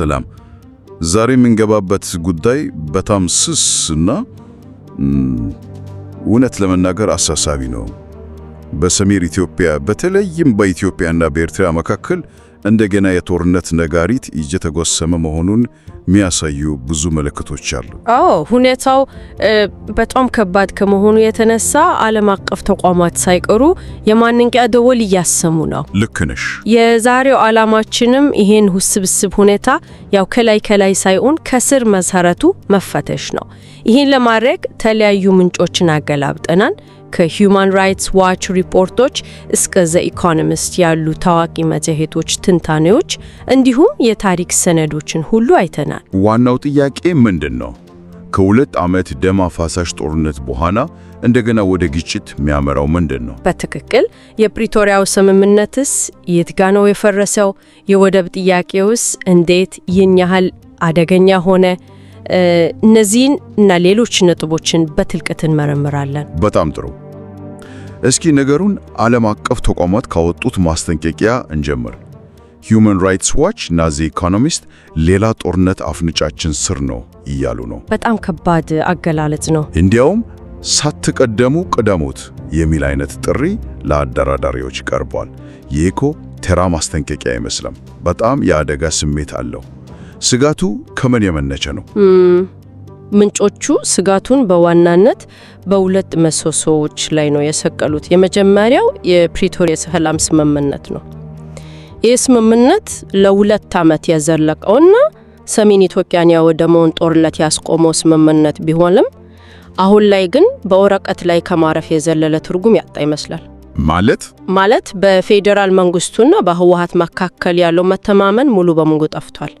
ሰላም ዛሬ የምንገባበት ጉዳይ በጣም ስስ እና እውነት ለመናገር አሳሳቢ ነው። በሰሜን ኢትዮጵያ በተለይም በኢትዮጵያና በኤርትራ መካከል እንደገና የጦርነት ነጋሪት እየተጎሰመ መሆኑን የሚያሳዩ ብዙ ምልክቶች አሉ። አዎ ሁኔታው በጣም ከባድ ከመሆኑ የተነሳ ዓለም አቀፍ ተቋማት ሳይቀሩ የማንቂያ ደወል እያሰሙ ነው። ልክ ነሽ። የዛሬው ዓላማችንም ይሄን ውስብስብ ሁኔታ ያው ከላይ ከላይ ሳይሆን ከስር መሰረቱ መፈተሽ ነው። ይህን ለማድረግ ተለያዩ ምንጮችን አገላብጠናል። ከሂዩማን ራይትስ ዋች ሪፖርቶች እስከ ዘ ኢኮኖሚስት ያሉ ታዋቂ መጽሔቶች ትንታኔዎች፣ እንዲሁም የታሪክ ሰነዶችን ሁሉ አይተናል። ዋናው ጥያቄ ምንድን ነው? ከሁለት ዓመት ደም አፋሳሽ ጦርነት በኋላ እንደገና ወደ ግጭት የሚያመራው ምንድን ነው? በትክክል የፕሪቶሪያው ስምምነትስ የት ጋ ነው የፈረሰው? የወደብ ጥያቄውስ እንዴት ይህን ያህል አደገኛ ሆነ? እነዚህን እና ሌሎች ነጥቦችን በትልቅት እንመረምራለን። በጣም ጥሩ። እስኪ ነገሩን ዓለም አቀፍ ተቋማት ካወጡት ማስጠንቀቂያ እንጀምር። ሂዩማን ራይትስ ዋች እና ዘ ኢኮኖሚስት ሌላ ጦርነት አፍንጫችን ስር ነው እያሉ ነው። በጣም ከባድ አገላለጽ ነው። እንዲያውም ሳትቀደሙ ቅደሙት የሚል አይነት ጥሪ ለአደራዳሪዎች ቀርቧል። የኢኮ ቴራ ማስጠንቀቂያ አይመስልም። በጣም የአደጋ ስሜት አለው። ስጋቱ ከምን የመነጨ ነው? ምንጮቹ ስጋቱን በዋናነት በሁለት መሰሶዎች ላይ ነው የሰቀሉት። የመጀመሪያው የፕሪቶሪያ የሰላም ስምምነት ነው። ይህ ስምምነት ለሁለት ዓመት የዘለቀውና ሰሜን ኢትዮጵያን ያወደመውን ጦርነት ያስቆመው ስምምነት ቢሆንም አሁን ላይ ግን በወረቀት ላይ ከማረፍ የዘለለ ትርጉም ያጣ ይመስላል። ማለት ማለት በፌዴራል መንግስቱና በህወሀት መካከል ያለው መተማመን ሙሉ በሙሉ ጠፍቷል።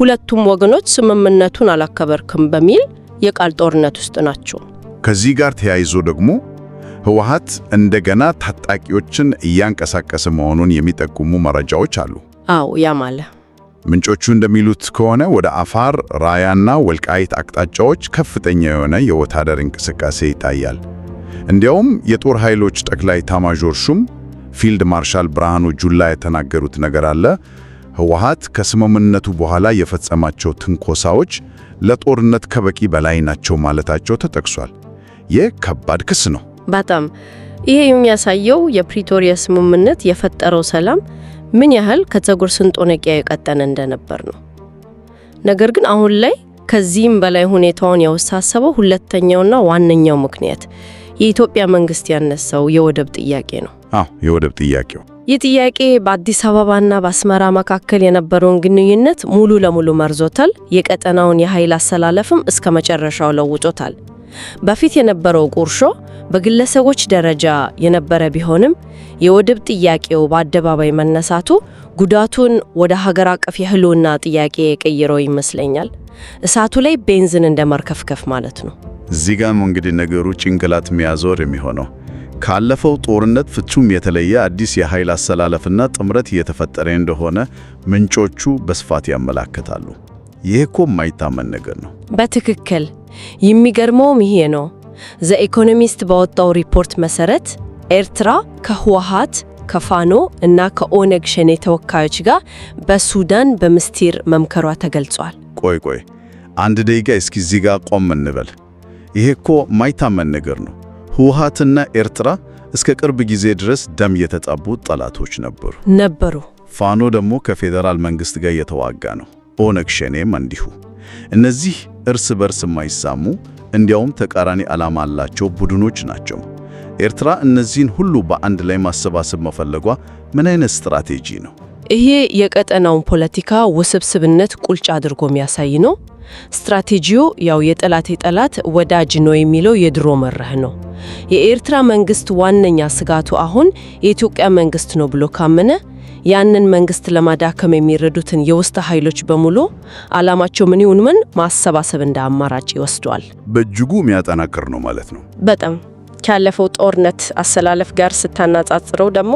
ሁለቱም ወገኖች ስምምነቱን አላከበርክም በሚል የቃል ጦርነት ውስጥ ናቸው። ከዚህ ጋር ተያይዞ ደግሞ ህወሓት እንደገና ታጣቂዎችን እያንቀሳቀሰ መሆኑን የሚጠቁሙ መረጃዎች አሉ። አዎ ያማለ ምንጮቹ እንደሚሉት ከሆነ ወደ አፋር፣ ራያና ወልቃይት አቅጣጫዎች ከፍተኛ የሆነ የወታደር እንቅስቃሴ ይታያል። እንዲያውም የጦር ኃይሎች ጠቅላይ ኤታማዦር ሹም ፊልድ ማርሻል ብርሃኑ ጁላ የተናገሩት ነገር አለ ህወሓት ከስምምነቱ በኋላ የፈጸማቸው ትንኮሳዎች ለጦርነት ከበቂ በላይ ናቸው ማለታቸው ተጠቅሷል። ይህ ከባድ ክስ ነው። በጣም ይሄ የሚያሳየው የፕሪቶሪያ ስምምነት የፈጠረው ሰላም ምን ያህል ከፀጉር ስንጦነቂያ የቀጠነ እንደነበር ነው። ነገር ግን አሁን ላይ ከዚህም በላይ ሁኔታውን ያወሳሰበው ሁለተኛውና ዋነኛው ምክንያት የኢትዮጵያ መንግስት ያነሳው የወደብ ጥያቄ ነው። አዎ የወደብ ጥያቄው ይህ ጥያቄ በአዲስ አበባና በአስመራ መካከል የነበረውን ግንኙነት ሙሉ ለሙሉ መርዞታል። የቀጠናውን የኃይል አሰላለፍም እስከ መጨረሻው ለውጦታል። በፊት የነበረው ቁርሾ በግለሰቦች ደረጃ የነበረ ቢሆንም የወደብ ጥያቄው በአደባባይ መነሳቱ ጉዳቱን ወደ ሀገር አቀፍ የህልውና ጥያቄ ቀይረው ይመስለኛል። እሳቱ ላይ ቤንዝን እንደ መርከፍከፍ ማለት ነው። እዚህ ጋም እንግዲህ ነገሩ ጭንቅላት የሚያዞር የሚሆነው ካለፈው ጦርነት ፍጹም የተለየ አዲስ የኃይል አሰላለፍና ጥምረት እየተፈጠረ እንደሆነ ምንጮቹ በስፋት ያመላክታሉ። ይህ እኮ የማይታመን ነገር ነው። በትክክል የሚገርመውም ይሄ ነው። ዘ ኢኮኖሚስት ባወጣው ሪፖርት መሰረት ኤርትራ ከህወሓት ከፋኖ እና ከኦነግ ሸኔ ተወካዮች ጋር በሱዳን በምስጢር መምከሯ ተገልጿል። ቆይ ቆይ አንድ ደቂቃ እስኪ እዚህ ጋር ቆም እንበል። ይሄ እኮ የማይታመን ነገር ነው። ህወሓትና ኤርትራ እስከ ቅርብ ጊዜ ድረስ ደም የተጣቡ ጠላቶች ነበሩ ነበሩ። ፋኖ ደግሞ ከፌዴራል መንግስት ጋር እየተዋጋ ነው። ኦነግ ሸኔም እንዲሁ። እነዚህ እርስ በርስ የማይሳሙ እንዲያውም ተቃራኒ ዓላማ አላቸው ቡድኖች ናቸው። ኤርትራ እነዚህን ሁሉ በአንድ ላይ ማሰባሰብ መፈለጓ ምን አይነት ስትራቴጂ ነው? ይሄ የቀጠናውን ፖለቲካ ውስብስብነት ቁልጭ አድርጎ የሚያሳይ ነው። ስትራቴጂው ያው የጠላቴ ጠላት ወዳጅ ነው የሚለው የድሮ መርህ ነው። የኤርትራ መንግስት ዋነኛ ስጋቱ አሁን የኢትዮጵያ መንግስት ነው ብሎ ካመነ ያንን መንግስት ለማዳከም የሚረዱትን የውስጥ ኃይሎች በሙሉ አላማቸው ምን ይሁን ምን ማሰባሰብ እንደ አማራጭ ይወስደዋል። በእጅጉ የሚያጠናክር ነው ማለት ነው። በጣም ካለፈው ጦርነት አሰላለፍ ጋር ስታናጻጽረው ደግሞ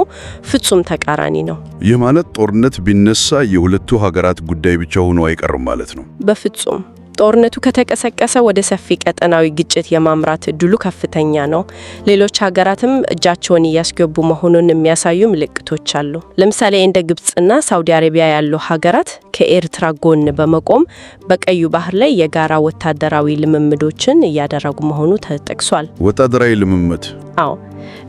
ፍጹም ተቃራኒ ነው። ይህ ማለት ጦርነት ቢነሳ የሁለቱ ሀገራት ጉዳይ ብቻ ሆኖ አይቀርም ማለት ነው። በፍጹም ጦርነቱ ከተቀሰቀሰ ወደ ሰፊ ቀጠናዊ ግጭት የማምራት እድሉ ከፍተኛ ነው። ሌሎች ሀገራትም እጃቸውን እያስገቡ መሆኑን የሚያሳዩ ምልክቶች አሉ። ለምሳሌ እንደ ግብፅና ሳውዲ አረቢያ ያሉ ሀገራት ከኤርትራ ጎን በመቆም በቀዩ ባህር ላይ የጋራ ወታደራዊ ልምምዶችን እያደረጉ መሆኑ ተጠቅሷል። ወታደራዊ ልምምድ አዎ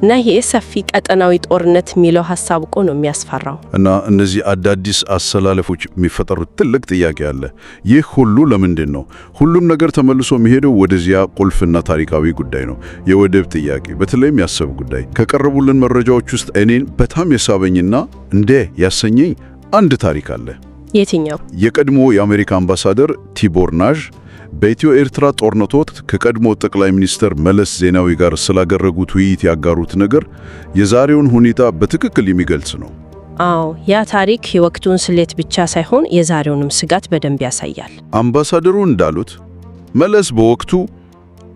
እና ይሄ ሰፊ ቀጠናዊ ጦርነት የሚለው ሀሳብ እኮ ነው የሚያስፈራው። እና እነዚህ አዳዲስ አሰላለፎች የሚፈጠሩት ትልቅ ጥያቄ አለ። ይህ ሁሉ ለምንድን ነው? ሁሉም ነገር ተመልሶ የሚሄደው ወደዚያ ቁልፍና ታሪካዊ ጉዳይ ነው፣ የወደብ ጥያቄ፣ በተለይም የአሰብ ጉዳይ። ከቀረቡልን መረጃዎች ውስጥ እኔን በጣም የሳበኝና እንዴ ያሰኘኝ አንድ ታሪክ አለ። የትኛው? የቀድሞ የአሜሪካ አምባሳደር ቲቦር ናዥ በኢትዮ ኤርትራ ጦርነት ወቅት ከቀድሞ ጠቅላይ ሚኒስትር መለስ ዜናዊ ጋር ስላደረጉት ውይይት ያጋሩት ነገር የዛሬውን ሁኔታ በትክክል የሚገልጽ ነው። አዎ ያ ታሪክ የወቅቱን ስሌት ብቻ ሳይሆን የዛሬውንም ስጋት በደንብ ያሳያል። አምባሳደሩ እንዳሉት መለስ በወቅቱ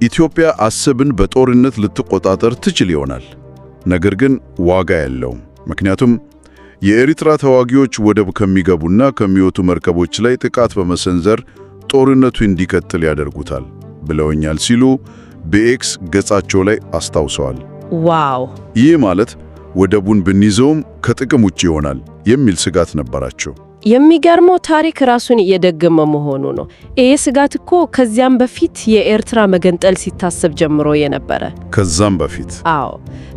ኢትዮጵያ አሰብን በጦርነት ልትቆጣጠር ትችል ይሆናል፣ ነገር ግን ዋጋ የለውም። ምክንያቱም የኤርትራ ተዋጊዎች ወደብ ከሚገቡና ከሚወጡ መርከቦች ላይ ጥቃት በመሰንዘር ጦርነቱ እንዲቀጥል ያደርጉታል ብለውኛል ሲሉ በኤክስ ገጻቸው ላይ አስታውሰዋል። ዋው! ይህ ማለት ወደቡን ብንይዘውም ከጥቅም ውጭ ይሆናል የሚል ስጋት ነበራቸው። የሚገርመው ታሪክ ራሱን እየደገመ መሆኑ ነው። ይህ ስጋት እኮ ከዚያም በፊት የኤርትራ መገንጠል ሲታሰብ ጀምሮ የነበረ ከዛም በፊት አዎ፣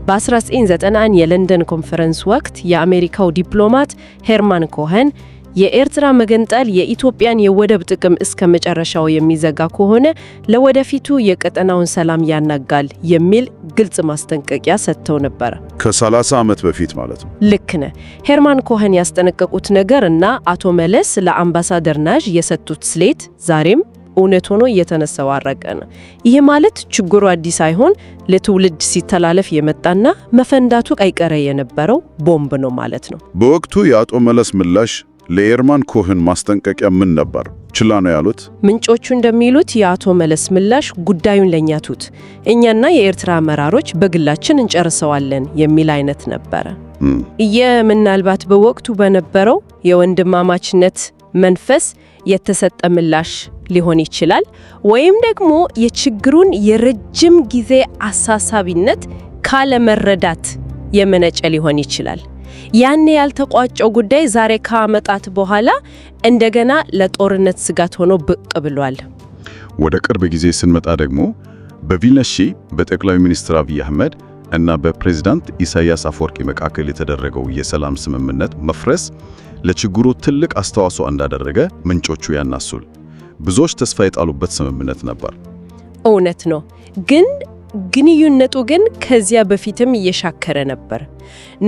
በ1991 የለንደን ኮንፈረንስ ወቅት የአሜሪካው ዲፕሎማት ሄርማን ኮሄን የኤርትራ መገንጠል የኢትዮጵያን የወደብ ጥቅም እስከ መጨረሻው የሚዘጋ ከሆነ ለወደፊቱ የቀጠናውን ሰላም ያናጋል የሚል ግልጽ ማስጠንቀቂያ ሰጥተው ነበረ። ከ30 ዓመት በፊት ማለት ነው። ልክ ነህ። ሄርማን ኮኸን ያስጠነቀቁት ነገር እና አቶ መለስ ለአምባሳደር ናዥ የሰጡት ስሌት ዛሬም እውነት ሆኖ እየተነሰባረቀ ነው። ይህ ማለት ችግሩ አዲስ አይሆን ለትውልድ ሲተላለፍ የመጣና መፈንዳቱ አይቀረ የነበረው ቦምብ ነው ማለት ነው። በወቅቱ የአቶ መለስ ምላሽ ለኤርማን ኮህን ማስጠንቀቂያ ምን ነበር? ችላ ነው ያሉት? ምንጮቹ እንደሚሉት የአቶ መለስ ምላሽ ጉዳዩን ለእኛ ቱት፣ እኛና የኤርትራ አመራሮች በግላችን እንጨርሰዋለን የሚል አይነት ነበረ። ይህ ምናልባት በወቅቱ በነበረው የወንድማማችነት መንፈስ የተሰጠ ምላሽ ሊሆን ይችላል። ወይም ደግሞ የችግሩን የረጅም ጊዜ አሳሳቢነት ካለመረዳት የመነጨ ሊሆን ይችላል። ያኔ ያልተቋጨው ጉዳይ ዛሬ ከአመጣት በኋላ እንደገና ለጦርነት ስጋት ሆኖ ብቅ ብሏል። ወደ ቅርብ ጊዜ ስንመጣ ደግሞ በቪልነሺ በጠቅላይ ሚኒስትር አብይ አህመድ እና በፕሬዝዳንት ኢሳያስ አፈወርቂ መካከል የተደረገው የሰላም ስምምነት መፍረስ ለችግሩ ትልቅ አስተዋጽኦ እንዳደረገ ምንጮቹ ያናሱል። ብዙዎች ተስፋ የጣሉበት ስምምነት ነበር። እውነት ነው፣ ግን ግንኙነቱ ግን ከዚያ በፊትም እየሻከረ ነበር።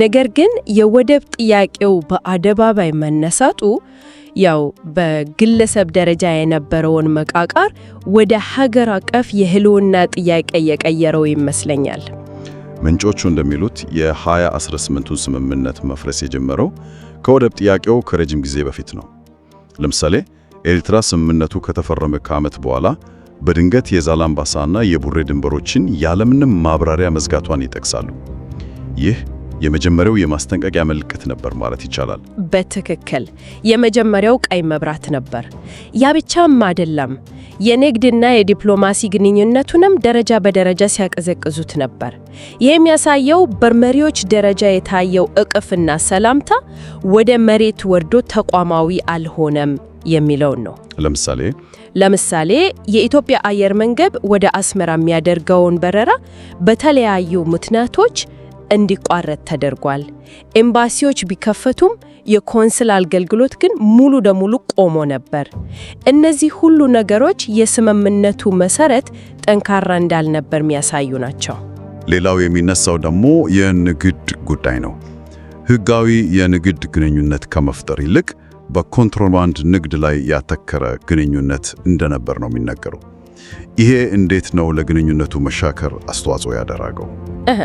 ነገር ግን የወደብ ጥያቄው በአደባባይ መነሳቱ ያው በግለሰብ ደረጃ የነበረውን መቃቃር ወደ ሀገር አቀፍ የህልውና ጥያቄ የቀየረው ይመስለኛል። ምንጮቹ እንደሚሉት የ2018ቱ ስምምነት መፍረስ የጀመረው ከወደብ ጥያቄው ከረጅም ጊዜ በፊት ነው። ለምሳሌ ኤርትራ ስምምነቱ ከተፈረመ ከዓመት በኋላ በድንገት የዛላምባሳና የቡሬ ድንበሮችን ያለምንም ማብራሪያ መዝጋቷን ይጠቅሳሉ። ይህ የመጀመሪያው የማስጠንቀቂያ ምልክት ነበር ማለት ይቻላል። በትክክል የመጀመሪያው ቀይ መብራት ነበር። ያ ብቻም አይደለም፣ የንግድና የዲፕሎማሲ ግንኙነቱንም ደረጃ በደረጃ ሲያቀዘቅዙት ነበር። ይህ የሚያሳየው በመሪዎች ደረጃ የታየው እቅፍና ሰላምታ ወደ መሬት ወርዶ ተቋማዊ አልሆነም የሚለውን ነው። ለምሳሌ ለምሳሌ የኢትዮጵያ አየር መንገድ ወደ አስመራ የሚያደርገውን በረራ በተለያዩ ምክንያቶች እንዲቋረጥ ተደርጓል። ኤምባሲዎች ቢከፈቱም የኮንስል አገልግሎት ግን ሙሉ ለሙሉ ቆሞ ነበር። እነዚህ ሁሉ ነገሮች የስምምነቱ መሰረት ጠንካራ እንዳልነበር የሚያሳዩ ናቸው። ሌላው የሚነሳው ደግሞ የንግድ ጉዳይ ነው። ህጋዊ የንግድ ግንኙነት ከመፍጠር ይልቅ በኮንትሮባንድ ንግድ ላይ ያተከረ ግንኙነት እንደነበር ነው የሚነገረው። ይሄ እንዴት ነው ለግንኙነቱ መሻከር አስተዋጽኦ ያደረገው? እህ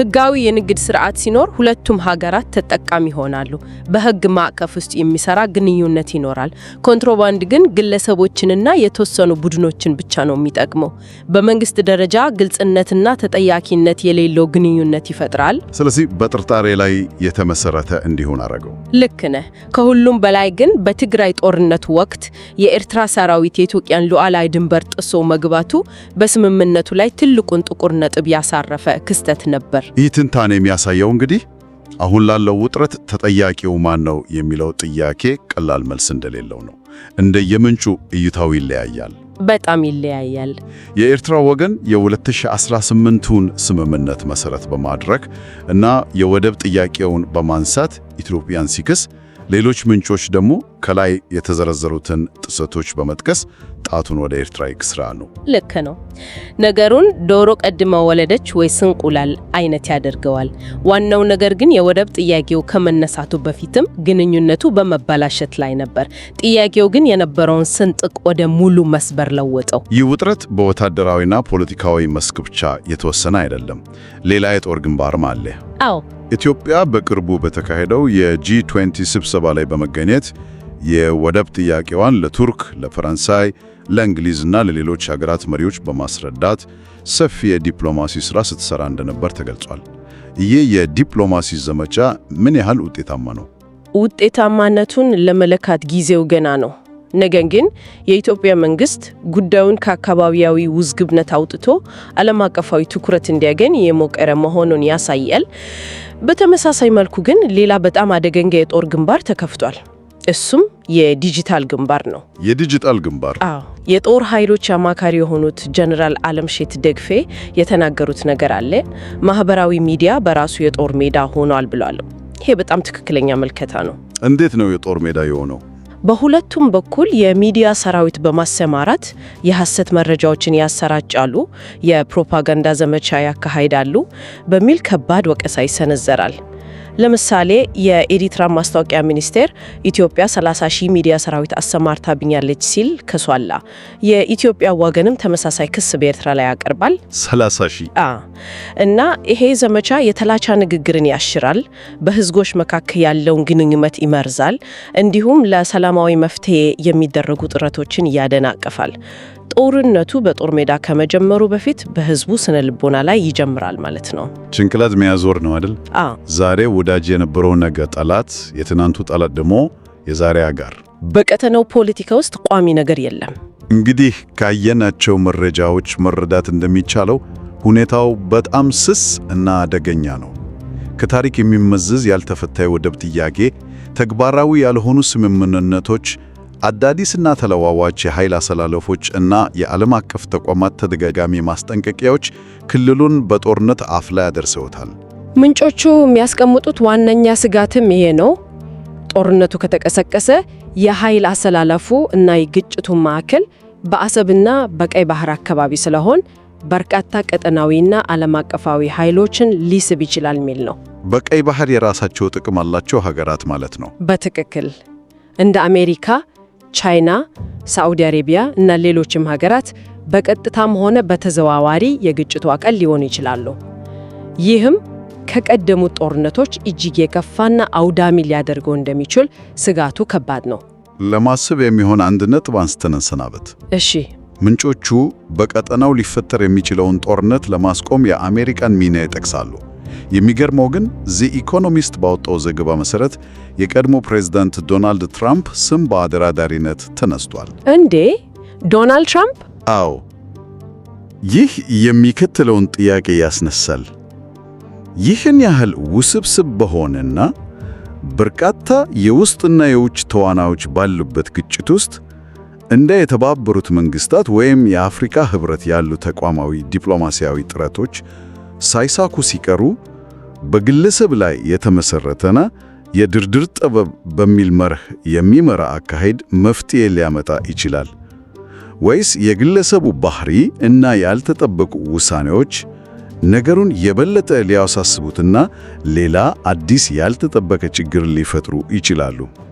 ህጋዊ የንግድ ስርዓት ሲኖር ሁለቱም ሀገራት ተጠቃሚ ይሆናሉ። በህግ ማዕቀፍ ውስጥ የሚሰራ ግንኙነት ይኖራል። ኮንትሮባንድ ግን ግለሰቦችንና የተወሰኑ ቡድኖችን ብቻ ነው የሚጠቅመው። በመንግስት ደረጃ ግልጽነትና ተጠያቂነት የሌለው ግንኙነት ይፈጥራል። ስለዚህ በጥርጣሬ ላይ የተመሰረተ እንዲሆን አረገው። ልክ ነህ። ከሁሉም በላይ ግን በትግራይ ጦርነት ወቅት የኤርትራ ሰራዊት የኢትዮጵያን ሉዓላዊ ድንበር ጥሶ መግባቱ በስምምነቱ ላይ ትልቁን ጥቁር ነጥብ ያሳረፈ ክስተት ነበር። ይህ ትንታኔ የሚያሳየው እንግዲህ አሁን ላለው ውጥረት ተጠያቂው ማን ነው የሚለው ጥያቄ ቀላል መልስ እንደሌለው ነው። እንደ የምንጩ እይታው ይለያያል፣ በጣም ይለያያል። የኤርትራ ወገን የ2018ቱን ስምምነት መሰረት በማድረግ እና የወደብ ጥያቄውን በማንሳት ኢትዮጵያን ሲክስ ሌሎች ምንጮች ደግሞ ከላይ የተዘረዘሩትን ጥሰቶች በመጥቀስ ጣቱን ወደ ኤርትራ ይክስራ ነው። ልክ ነው። ነገሩን ዶሮ ቀድማ ወለደች ወይስ እንቁላል አይነት ያደርገዋል። ዋናው ነገር ግን የወደብ ጥያቄው ከመነሳቱ በፊትም ግንኙነቱ በመበላሸት ላይ ነበር። ጥያቄው ግን የነበረውን ስንጥቅ ወደ ሙሉ መስበር ለወጠው። ይህ ውጥረት በወታደራዊና ፖለቲካዊ መስክ ብቻ የተወሰነ አይደለም። ሌላ የጦር ግንባርም አለ። አዎ ኢትዮጵያ በቅርቡ በተካሄደው የጂ20 ስብሰባ ላይ በመገኘት የወደብ ጥያቄዋን ለቱርክ፣ ለፈረንሳይ፣ ለእንግሊዝና ለሌሎች ሀገራት መሪዎች በማስረዳት ሰፊ የዲፕሎማሲ ሥራ ስትሰራ እንደነበር ተገልጿል። ይህ የዲፕሎማሲ ዘመቻ ምን ያህል ውጤታማ ነው? ውጤታማነቱን ለመለካት ጊዜው ገና ነው። ነገር ግን የኢትዮጵያ መንግስት ጉዳዩን ከአካባቢያዊ ውዝግብነት አውጥቶ ዓለም አቀፋዊ ትኩረት እንዲያገኝ የሞቀረ መሆኑን ያሳያል። በተመሳሳይ መልኩ ግን ሌላ በጣም አደገኛ የጦር ግንባር ተከፍቷል። እሱም የዲጂታል ግንባር ነው። የዲጂታል ግንባር አዎ፣ የጦር ኃይሎች አማካሪ የሆኑት ጀነራል አለምሼት ደግፌ የተናገሩት ነገር አለ። ማህበራዊ ሚዲያ በራሱ የጦር ሜዳ ሆኗል ብሏል። ይሄ በጣም ትክክለኛ መልከታ ነው። እንዴት ነው የጦር ሜዳ የሆነው? በሁለቱም በኩል የሚዲያ ሰራዊት በማሰማራት የሐሰት መረጃዎችን ያሰራጫሉ፣ የፕሮፓጋንዳ ዘመቻ ያካሂዳሉ በሚል ከባድ ወቀሳ ይሰነዘራል። ለምሳሌ የኤሪትራ ማስታወቂያ ሚኒስቴር ኢትዮጵያ 30 ሺህ ሚዲያ ሰራዊት አሰማርታብኛለች ሲል ከሷላ። የኢትዮጵያ ወገንም ተመሳሳይ ክስ በኤርትራ ላይ ያቀርባል። 30 ሺህ እና ይሄ ዘመቻ የተላቻ ንግግርን ያሽራል፣ በህዝቦች መካከል ያለውን ግንኙነት ይመርዛል፣ እንዲሁም ለሰላማዊ መፍትሄ የሚደረጉ ጥረቶችን ያደናቀፋል። ጦርነቱ በጦር ሜዳ ከመጀመሩ በፊት በህዝቡ ስነ ልቦና ላይ ይጀምራል ማለት ነው። ጭንቅላት መያዞር ነው አይደል? ዛሬ ወዳጅ የነበረው ነገ ጠላት፣ የትናንቱ ጠላት ደግሞ የዛሬ አጋር። በቀጠናው ፖለቲካ ውስጥ ቋሚ ነገር የለም። እንግዲህ ካየናቸው መረጃዎች መረዳት እንደሚቻለው ሁኔታው በጣም ስስ እና አደገኛ ነው። ከታሪክ የሚመዝዝ ያልተፈታ የወደብ ጥያቄ፣ ተግባራዊ ያልሆኑ ስምምነቶች አዳዲስና ተለዋዋጭ የኃይል አሰላለፎች እና የዓለም አቀፍ ተቋማት ተደጋጋሚ ማስጠንቀቂያዎች ክልሉን በጦርነት አፍ ላይ አደርሰውታል። ምንጮቹ የሚያስቀምጡት ዋነኛ ስጋትም ይሄ ነው። ጦርነቱ ከተቀሰቀሰ የኃይል አሰላለፉ እና የግጭቱ ማዕከል በአሰብና በቀይ ባህር አካባቢ ስለሆን በርካታ ቀጠናዊና ዓለም አቀፋዊ ኃይሎችን ሊስብ ይችላል የሚል ነው። በቀይ ባህር የራሳቸው ጥቅም አላቸው ሀገራት ማለት ነው። በትክክል እንደ አሜሪካ ቻይና፣ ሳዑዲ አረቢያ እና ሌሎችም ሀገራት በቀጥታም ሆነ በተዘዋዋሪ የግጭቱ አካል ሊሆኑ ይችላሉ። ይህም ከቀደሙት ጦርነቶች እጅግ የከፋና አውዳሚ ሊያደርገው እንደሚችል ስጋቱ ከባድ ነው። ለማሰብ የሚሆን አንድ ነጥብ አንስተነሰናበት። እሺ፣ ምንጮቹ በቀጠናው ሊፈጠር የሚችለውን ጦርነት ለማስቆም የአሜሪካን ሚና ይጠቅሳሉ። የሚገርመው ግን ዚ ኢኮኖሚስት ባወጣው ዘገባ መሰረት የቀድሞ ፕሬዝዳንት ዶናልድ ትራምፕ ስም በአደራዳሪነት ተነስቷል። እንዴ ዶናልድ ትራምፕ? አዎ። ይህ የሚከተለውን ጥያቄ ያስነሳል። ይህን ያህል ውስብስብ በሆነና በርካታ የውስጥና የውጭ ተዋናዮች ባሉበት ግጭት ውስጥ እንደ የተባበሩት መንግስታት ወይም የአፍሪካ ህብረት ያሉ ተቋማዊ ዲፕሎማሲያዊ ጥረቶች ሳይሳኩ ሲቀሩ በግለሰብ ላይ የተመሰረተና የድርድር ጥበብ በሚል መርህ የሚመራ አካሄድ መፍትሄ ሊያመጣ ይችላል ወይስ የግለሰቡ ባህሪ እና ያልተጠበቁ ውሳኔዎች ነገሩን የበለጠ ሊያሳስቡትና ሌላ አዲስ ያልተጠበቀ ችግር ሊፈጥሩ ይችላሉ?